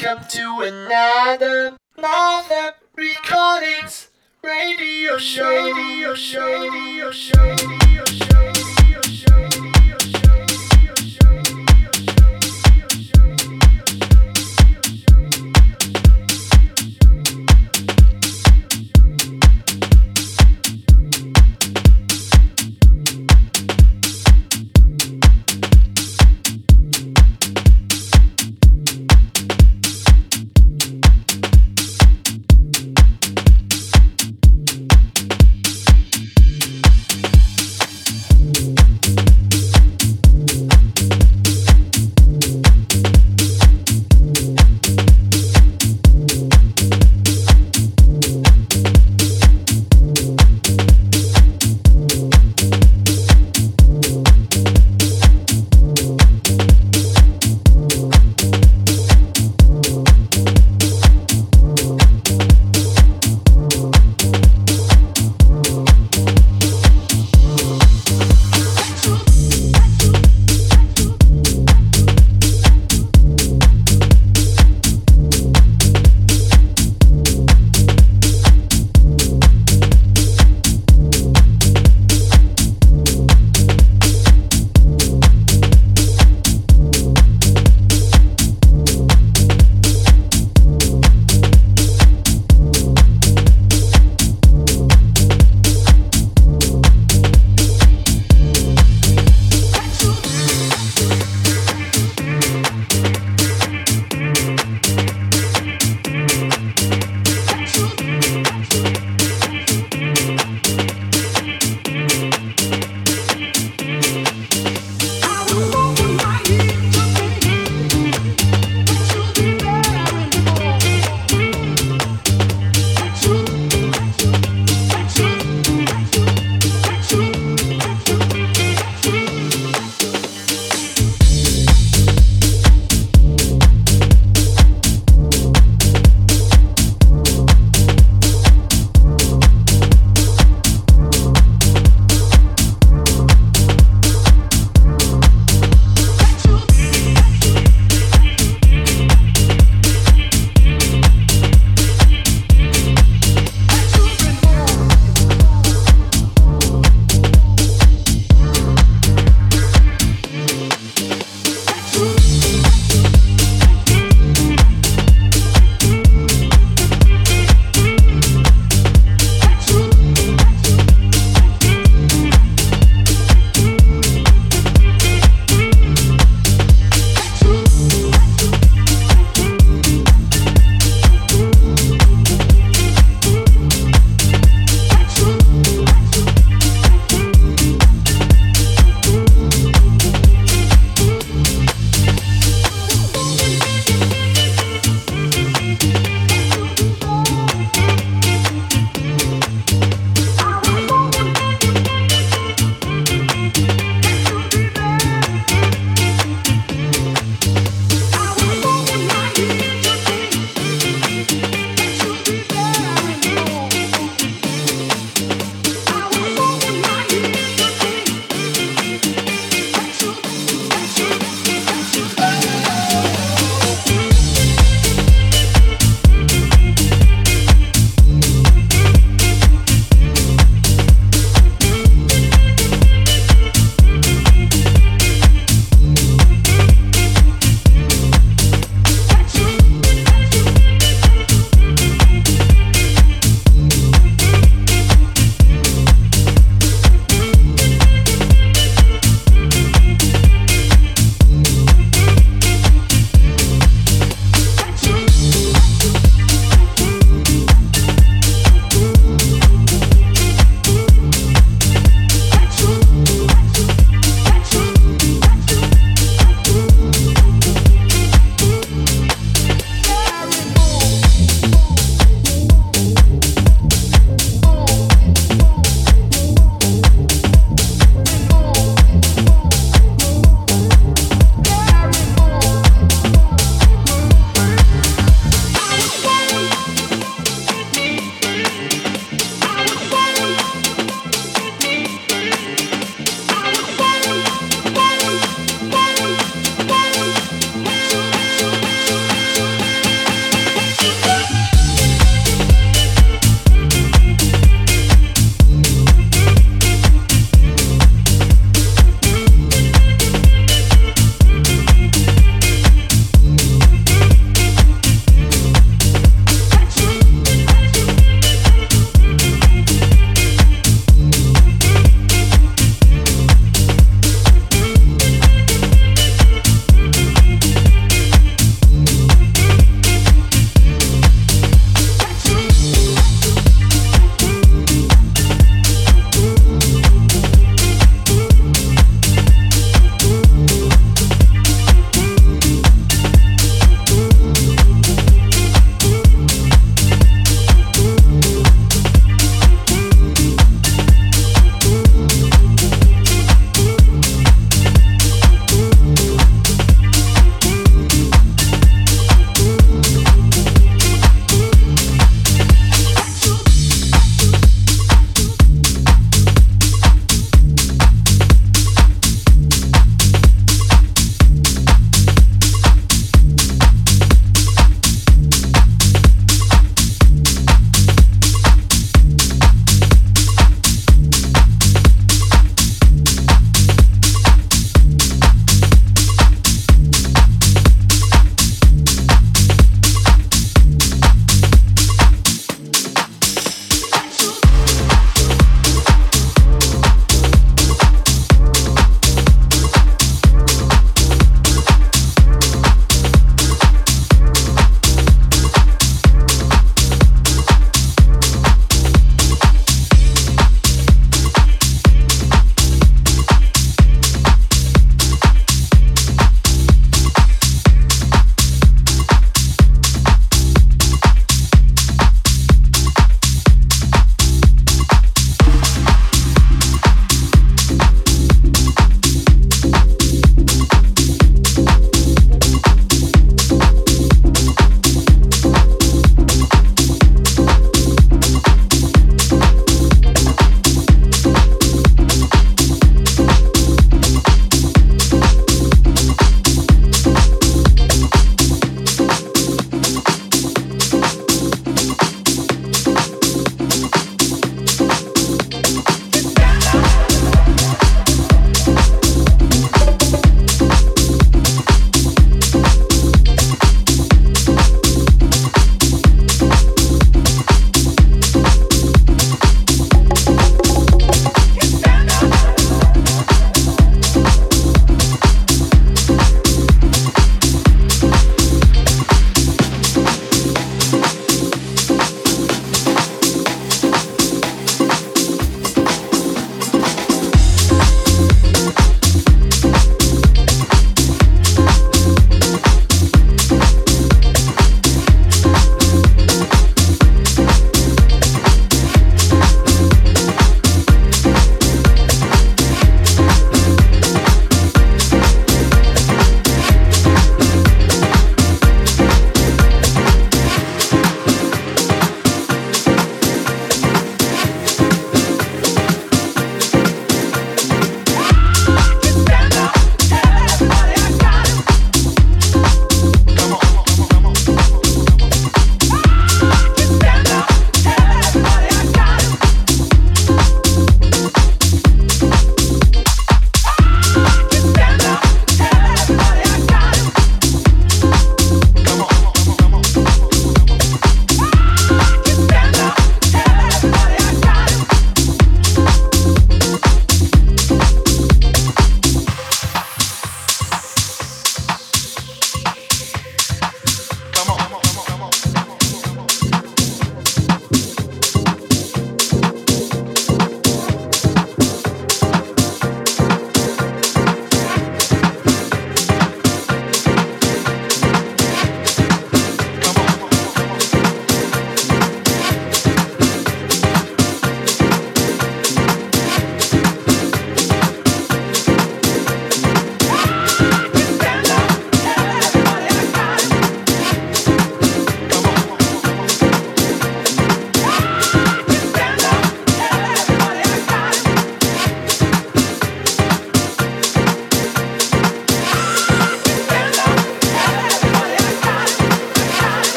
Welcome to another, another recordings radio show, radio show, radio show, radio show.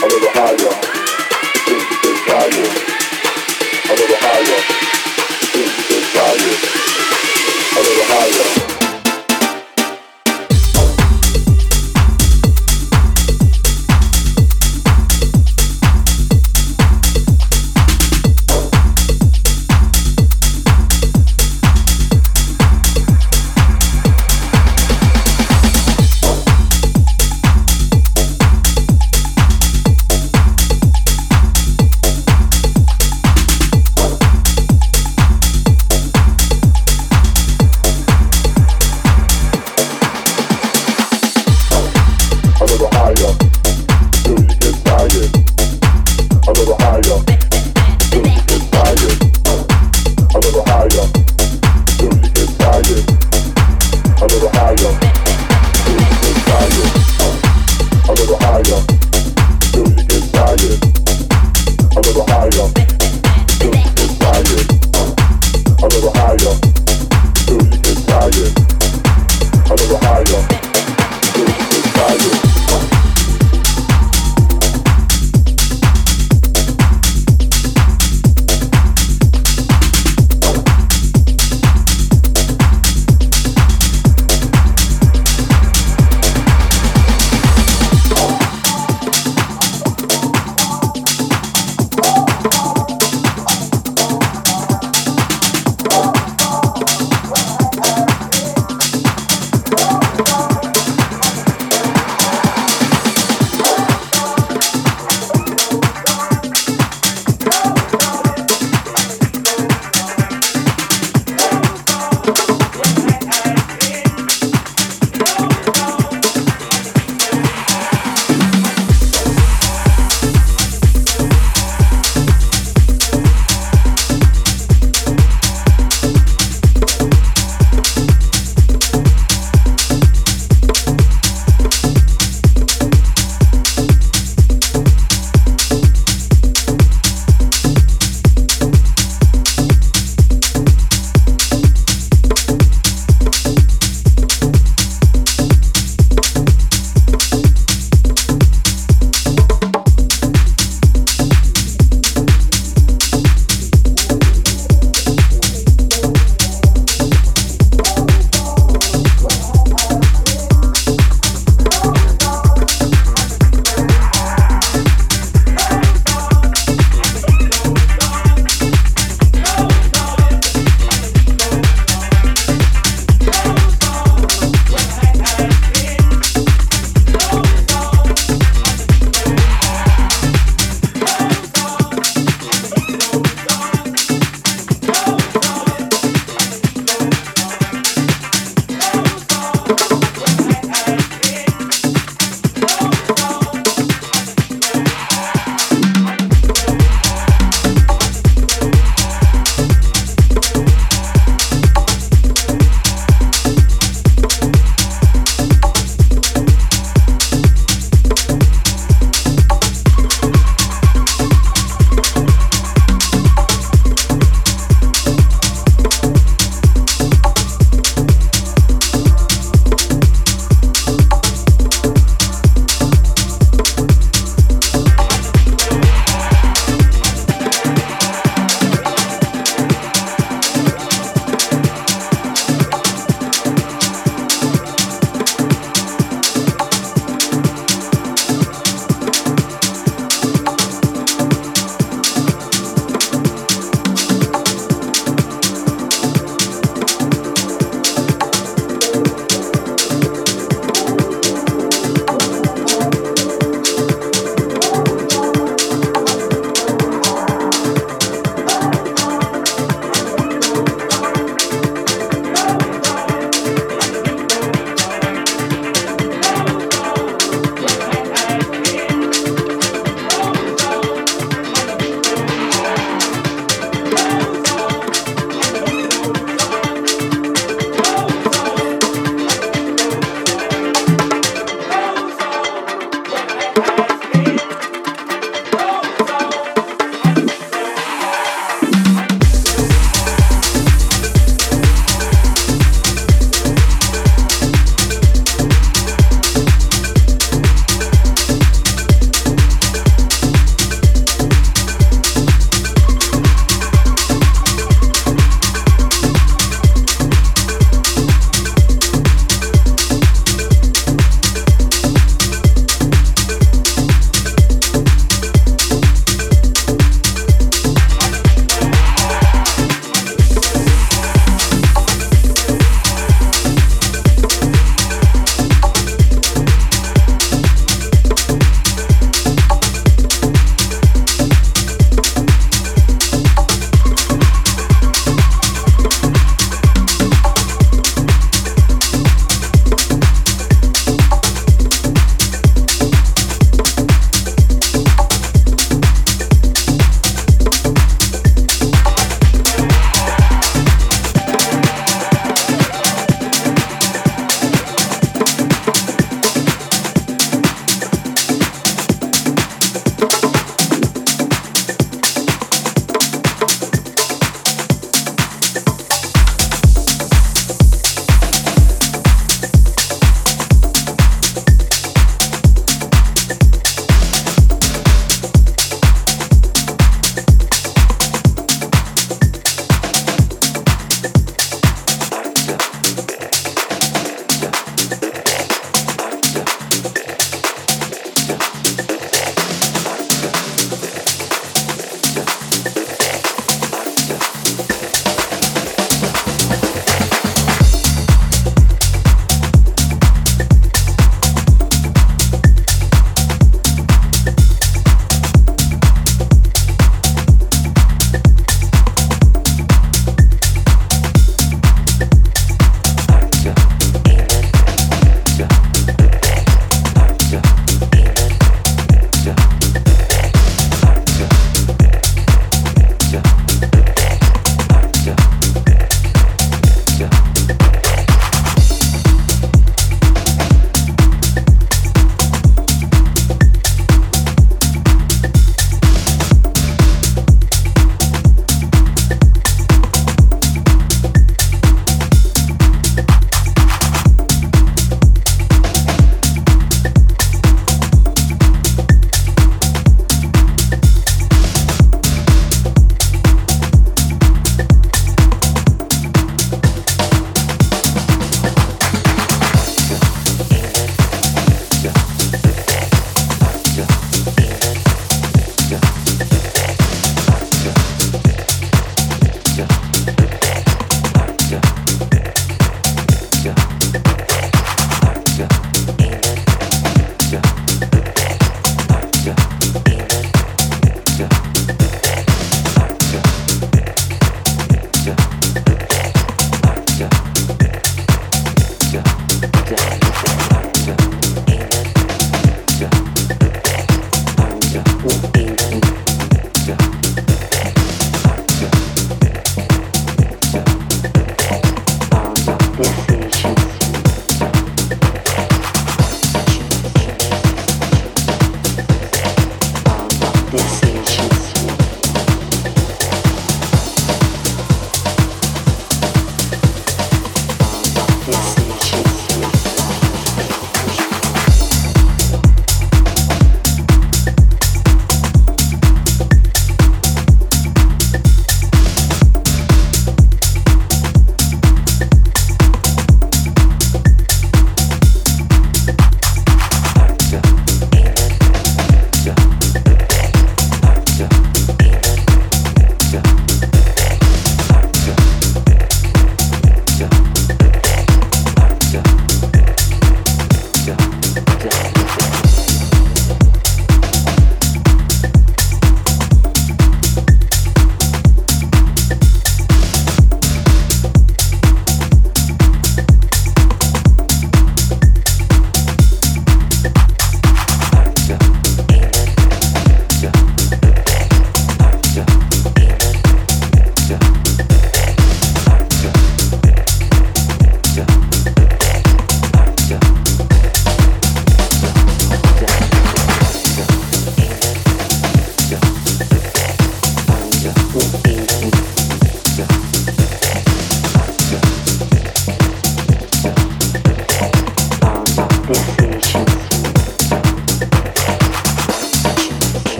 A little higher.